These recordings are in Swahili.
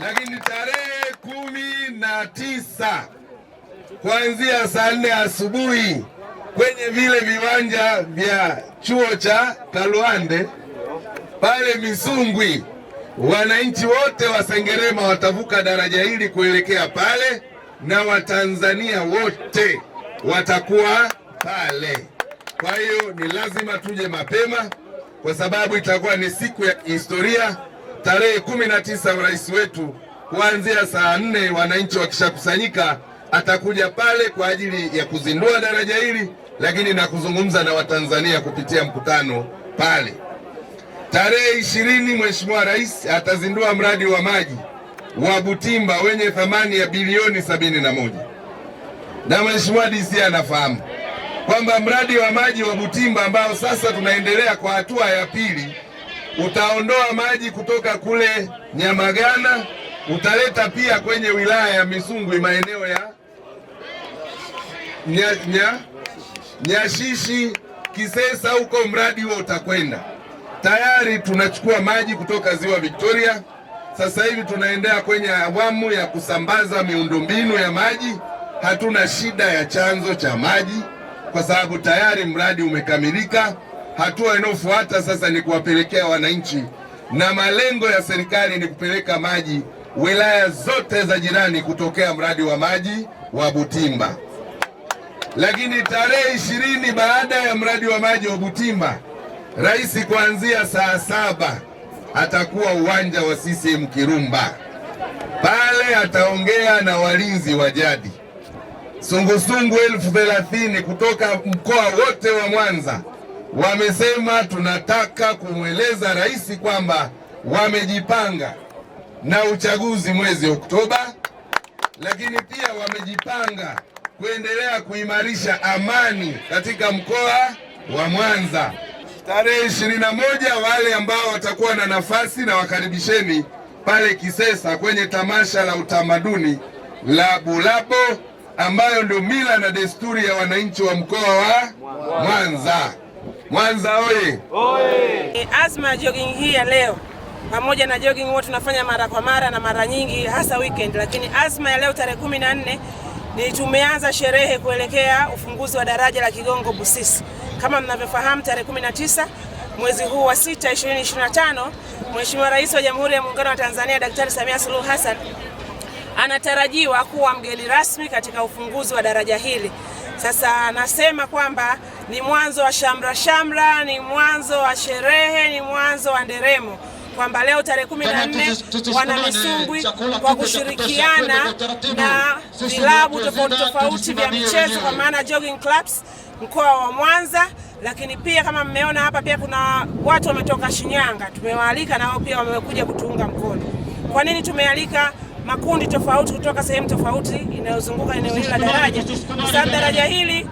lakini tarehe kumi na tisa kuanzia saa nne asubuhi kwenye vile viwanja vya chuo cha Kaluande pale Misungwi, wananchi wote wa Sengerema watavuka daraja hili kuelekea pale na Watanzania wote watakuwa pale. Kwa hiyo ni lazima tuje mapema, kwa sababu itakuwa ni siku ya kihistoria tarehe kumi na tisa rais wetu kuanzia saa nne wananchi wakishakusanyika atakuja pale kwa ajili ya kuzindua daraja hili, lakini na kuzungumza na Watanzania kupitia mkutano pale. Tarehe ishirini Mheshimiwa Rais atazindua mradi wa maji wa Butimba wenye thamani ya bilioni sabini na moja na Mheshimiwa DC anafahamu kwamba mradi wa maji wa Butimba ambao sasa tunaendelea kwa hatua ya pili utaondoa maji kutoka kule Nyamagana, utaleta pia kwenye wilaya ya Misungwi maeneo ya nya, nya, Nyashishi, Kisesa, huko mradi huo utakwenda tayari. Tunachukua maji kutoka ziwa Victoria, sasa hivi tunaendea kwenye awamu ya kusambaza miundombinu ya maji. Hatuna shida ya chanzo cha maji kwa sababu tayari mradi umekamilika. Hatua inayofuata sasa ni kuwapelekea wananchi, na malengo ya serikali ni kupeleka maji wilaya zote za jirani kutokea mradi wa maji wa Butimba. Lakini tarehe ishirini baada ya mradi wa maji wa Butimba, rais kuanzia saa saba atakuwa uwanja wa CCM Kirumba. Pale ataongea na walinzi wa jadi sungusungu elfu thelathini kutoka mkoa wote wa Mwanza wamesema tunataka kumweleza rais kwamba wamejipanga na uchaguzi mwezi Oktoba, lakini pia wamejipanga kuendelea kuimarisha amani katika mkoa wa Mwanza. Tarehe ishirini na moja wale ambao watakuwa na nafasi na wakaribisheni pale Kisesa kwenye tamasha la utamaduni la Bulabo ambayo ndio mila na desturi ya wananchi wa mkoa wa Mwanza. Mwanza oye! Eh, Azma jogging hii ya leo pamoja na jogging huwa tunafanya mara kwa mara na mara nyingi hasa weekend, lakini Azma ya leo tarehe kumi na nne ni tumeanza sherehe kuelekea ufunguzi wa daraja la Kigongo Busisi. Kama mnavyofahamu, tarehe 19 mwezi huu wa 6 2025, Mheshimiwa Rais wa Jamhuri ya Muungano wa Tanzania Daktari Samia Suluhu Hassan anatarajiwa kuwa mgeni rasmi katika ufunguzi wa daraja hili. Sasa nasema kwamba ni mwanzo wa shamra shamra, ni mwanzo wa sherehe, ni mwanzo wa nderemo kwamba leo tarehe kumi na nne kwa kushirikiana na vilabu tofauti tofauti vya michezo kwa maana jogging clubs mkoa wa Mwanza, lakini pia kama mmeona hapa pia kuna watu wametoka Shinyanga, tumewaalika na wao pia wamekuja kutuunga mkono. Kwa nini tumealika makundi tofauti kutoka sehemu tofauti inayozunguka eneo hili la daraja? Kwa sababu daraja hili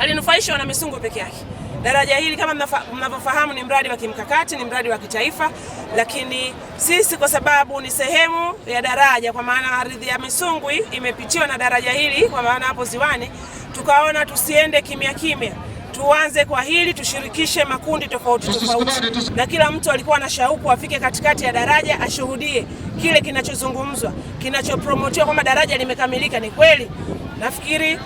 alinufaishwa na Misungu peke yake. Daraja hili kama mnavyofahamu, ni mradi wa kimkakati, ni mradi wa kitaifa, lakini sisi kwa sababu ni sehemu ya daraja, kwa maana ardhi ya Misungwi imepitiwa na daraja hili, kwa maana hapo ziwani, tukaona tusiende kimya kimya tuanze kwa hili, tushirikishe makundi tofauti tofauti, na kila mtu alikuwa na shauku afike katikati ya daraja ashuhudie kile kinachozungumzwa, kinachopromotiwa kwamba daraja limekamilika. Ni kweli, nafikiri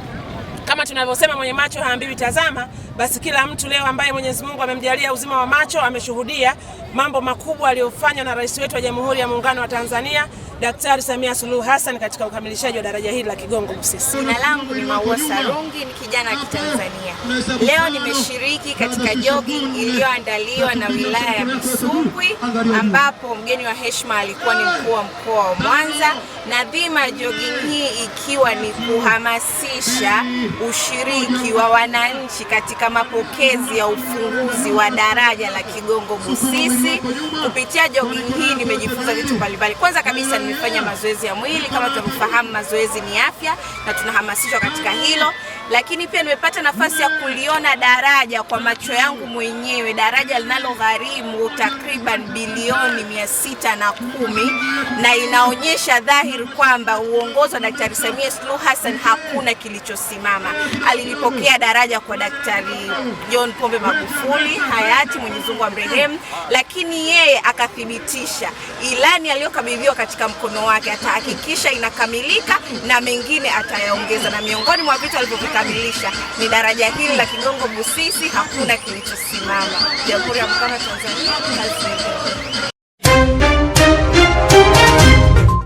kama tunavyosema mwenye macho haambiwi tazama, basi kila mtu leo ambaye Mwenyezi Mungu amemjalia uzima wa macho ameshuhudia mambo makubwa aliyofanywa na rais wetu wa Jamhuri ya Muungano wa Tanzania Daktari Samia Suluhu Hassan katika ukamilishaji wa daraja hili la Kigongo Busisi. Jina langu ni Maua Sarungi, ni kijana wa Kitanzania. Leo nimeshiriki katika jogging iliyoandaliwa na wilaya ya Misungwi, ambapo mgeni wa heshima alikuwa ni mkuu wa mkoa wa Mwanza, na dhima ya jogging hii ikiwa ni kuhamasisha ushiriki wa wananchi katika mapokezi ya ufunguzi wa daraja la Kigongo Busisi. Kupitia jogging hii nimejifunza vitu mbalimbali. Kwanza kabisa tumefanya mazoezi ya mwili. Kama tunavyofahamu, mazoezi ni afya na tunahamasishwa katika hilo lakini pia nimepata nafasi ya kuliona daraja kwa macho yangu mwenyewe, daraja linalogharimu takriban bilioni mia sita na kumi na inaonyesha dhahiri kwamba uongozi wa Daktari Samia Suluhu Hassan hakuna kilichosimama. Alilipokea daraja kwa Daktari John Pombe Magufuli hayati, Mwenyezi Mungu amrehemu, lakini yeye akathibitisha ilani aliyokabidhiwa katika mkono wake atahakikisha inakamilika na mengine atayaongeza, na miongoni mwa vitu alivyovikaa kukamilisha. Ni daraja hili la Kigongo Busisi, hakuna kilichosimama. Jamhuri ya Muungano wa Tanzania,